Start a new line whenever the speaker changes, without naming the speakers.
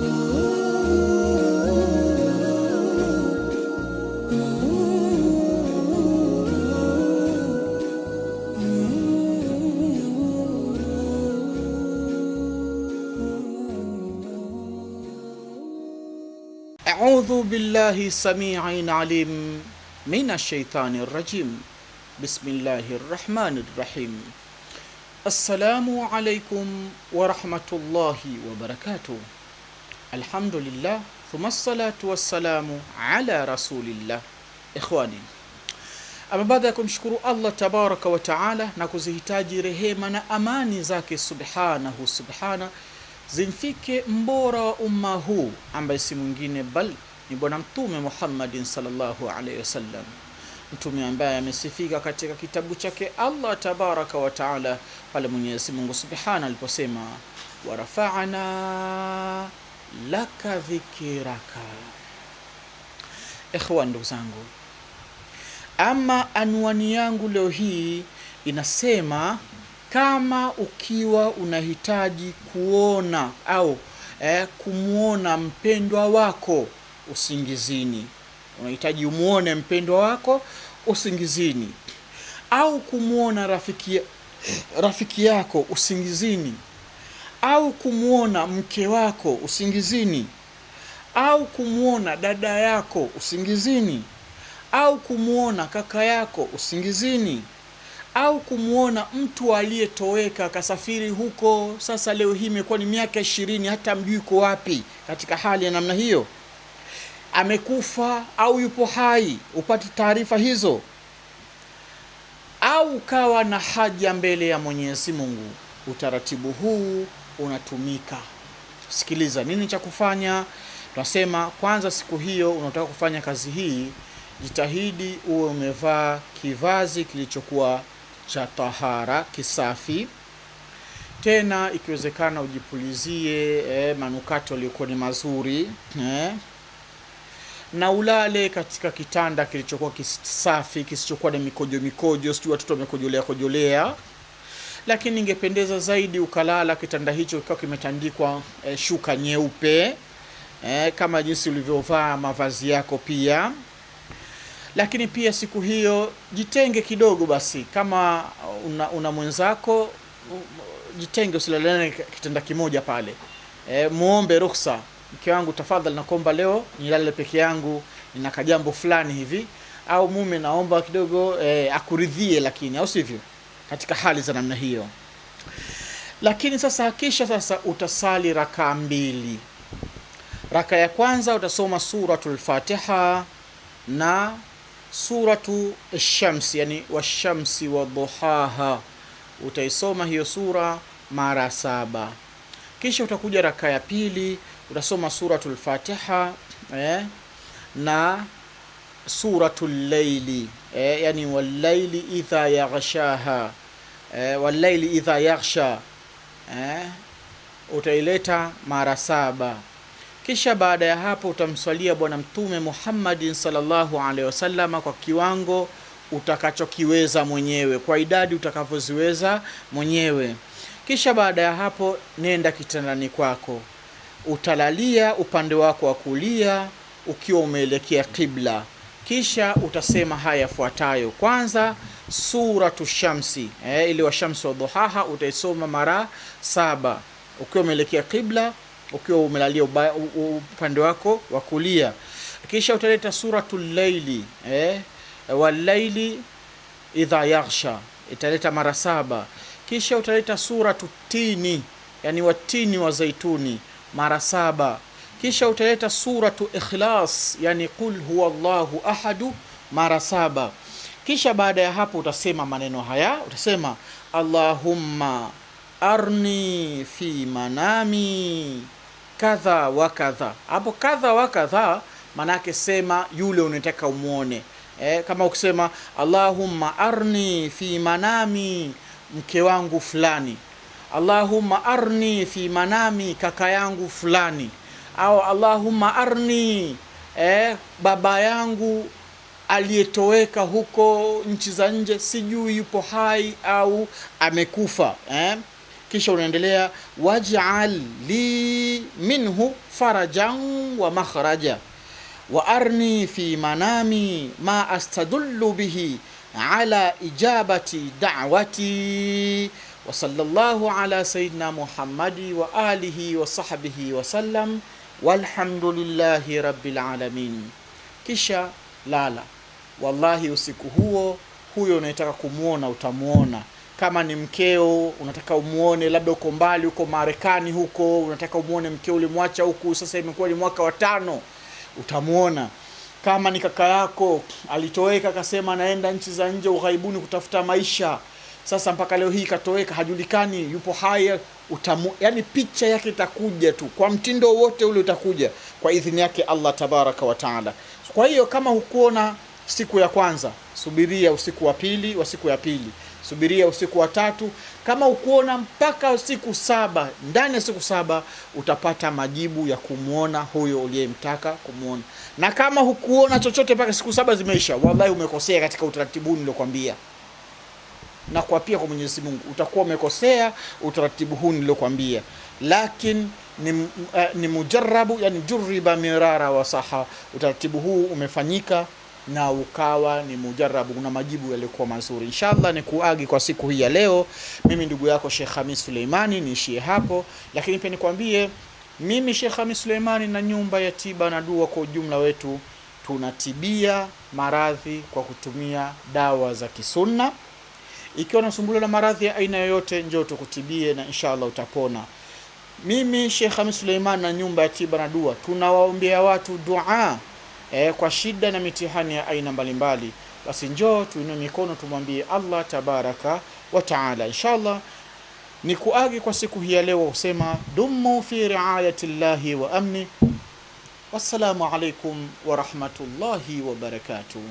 أعوذ بالله السميع العليم من الشيطان الرجيم بسم الله الرحمن الرحيم السلام عليكم ورحمة الله وبركاته Alhamdulillah thumma salatu wassalamu ala rasulillah. Ikhwani, ama baada ya kumshukuru Allah tabaraka wa taala na kuzihitaji rehema na amani zake subhanahu subhana zimfike mbora wa umma huu ambaye si mwingine bal ni Bwana Mtume Muhammadin sallallahu alaihi wasallam, mtume ambaye amesifika katika kitabu chake Allah tabaraka wa taala pale Mwenyezi Mungu subhana aliposema warafana laka dhikiraka. Ikhwan, ndugu zangu, ama anwani yangu leo hii inasema kama ukiwa unahitaji kuona au eh, kumwona mpendwa wako usingizini, unahitaji umwone mpendwa wako usingizini, au kumwona rafiki, rafiki yako usingizini au kumwona mke wako usingizini au kumwona dada yako usingizini au kumwona kaka yako usingizini au kumwona mtu aliyetoweka akasafiri huko. Sasa leo hii imekuwa ni miaka ishirini, hata mjui uko wapi. Katika hali ya namna hiyo, amekufa au yupo hai, upate taarifa hizo, au ukawa na haja mbele ya Mwenyezi Mungu. Utaratibu huu unatumika. Sikiliza, nini cha kufanya? Tunasema kwanza, siku hiyo unataka kufanya kazi hii, jitahidi uwe umevaa kivazi kilichokuwa cha tahara, kisafi. Tena ikiwezekana ujipulizie eh, manukato yaliyokuwa ni mazuri eh, na ulale katika kitanda kilichokuwa kisafi, kisichokuwa na mikojo mikojo, sijui watoto wamekojolea kojolea lakini ningependeza zaidi ukalala kitanda hicho kikiwa kimetandikwa e, shuka nyeupe e, kama jinsi ulivyovaa mavazi yako pia. Lakini pia siku hiyo jitenge kidogo, basi kama una, una mwenzako jitenge, usilalane kitanda kimoja pale. E, muombe ruhusa, mke wangu, tafadhali nakuomba leo nilale peke yangu, nina kajambo fulani hivi, au mume, naomba kidogo e, akuridhie, lakini au sivyo katika hali za namna hiyo. Lakini sasa kisha sasa utasali rakaa mbili. Raka ya kwanza utasoma suratul Fatiha na suratu Shamsi, yani washamsi wa dhuhaha, utaisoma hiyo sura mara saba. Kisha utakuja raka ya pili utasoma suratul Fatiha eh, na suratul Laili eh, yani walaili idha yaghshaha eh, idha yaghsha eh, utaileta mara saba. Kisha baada ya hapo utamswalia Bwana Mtume Muhammadin sallallahu alaihi wasallama kwa kiwango utakachokiweza mwenyewe, kwa idadi utakavyoziweza mwenyewe. Kisha baada ya hapo nenda kitandani kwako, utalalia upande wako wa kulia ukiwa umeelekea kibla. Kisha utasema haya yafuatayo: kwanza suratu shamsi eh, ili wa shamsi wa dhuhaha utaisoma mara saba ukiwa umeelekea qibla, ukiwa umelalia upande wako wa kulia. Kisha utaleta suratu llaili eh, wallaili idha yaghsha italeta mara saba. Kisha utaleta suratu tini, yani watini wa zaituni mara saba. Kisha utaleta suratu ikhlas, yani qul huwa llahu ahadu mara saba. Kisha baada ya hapo utasema maneno haya, utasema Allahumma arni fi manami kadha wa kadha. Hapo kadha wa kadha manake sema yule unataka umwone. Eh, kama ukisema Allahumma arni fi manami mke wangu fulani, Allahumma arni fi manami kaka yangu fulani, au Allahumma arni eh, baba yangu aliyetoweka huko nchi za nje, sijui yupo hai au amekufa eh? Kisha unaendelea waj'al li minhu farajan wa makhraja wa arni fi manami ma astadullu bihi ala ijabati da'wati wa sallallahu ala sayyidina Muhammadi wa alihi wa sahbihi wa sallam walhamdulillahi rabbil alamin. Kisha lala wallahi, usiku huo huyo unayetaka kumwona utamwona. Kama ni mkeo unataka umwone, labda uko mbali, uko Marekani huko, unataka umwone mkeo ulimwacha huku, sasa imekuwa ni mwaka wa tano, utamwona. Kama ni kaka yako alitoweka, akasema anaenda nchi za nje ughaibuni kutafuta maisha, sasa mpaka leo hii katoweka, hajulikani yupo haya utamu, yani picha yake itakuja tu kwa mtindo wote ule, utakuja kwa idhini yake Allah tabaraka wa taala. Kwa hiyo kama hukuona siku ya kwanza, subiria usiku wa pili wa siku ya pili, subiria usiku wa tatu. Kama ukuona mpaka siku saba, ndani ya siku saba utapata majibu ya kumwona huyo uliyemtaka kumwona. Na kama hukuona chochote mpaka siku saba zimeisha, wallahi umekosea katika utaratibu nilokwambia na kwa pia kwa Mwenyezi Mungu utakuwa umekosea utaratibu huu nilokwambia, lakini ni, uh, ni mujarabu yani juriba mirara wasaha, utaratibu huu umefanyika na ukawa ni mujarabu na majibu yaliokuwa mazuri. Inshallah ni kuagi kwa siku hii ya leo. Mimi ndugu yako Sheikh Hamis Suleimani niishie hapo, lakini pia nikwambie mimi Sheikh Hamis Suleimani na nyumba ya tiba na dua kwa ujumla wetu tunatibia maradhi kwa kutumia dawa za kisunna. Ikiwa unasumbuliwa na maradhi ya aina yoyote, njoo tukutibie na inshallah utapona. Mimi Sheikh Hamis Suleimani na nyumba ya tiba na dua tunawaombea watu duaa e, kwa shida na mitihani ya aina mbalimbali, basi njoo tuinue mikono tumwambie Allah tabaraka wa taala. Inshallah ni kuagi kwa siku hii ya leo, usema dumu fi riayati llahi wa amni. Wassalamu alaikum wa rahmatullahi wa barakatuh.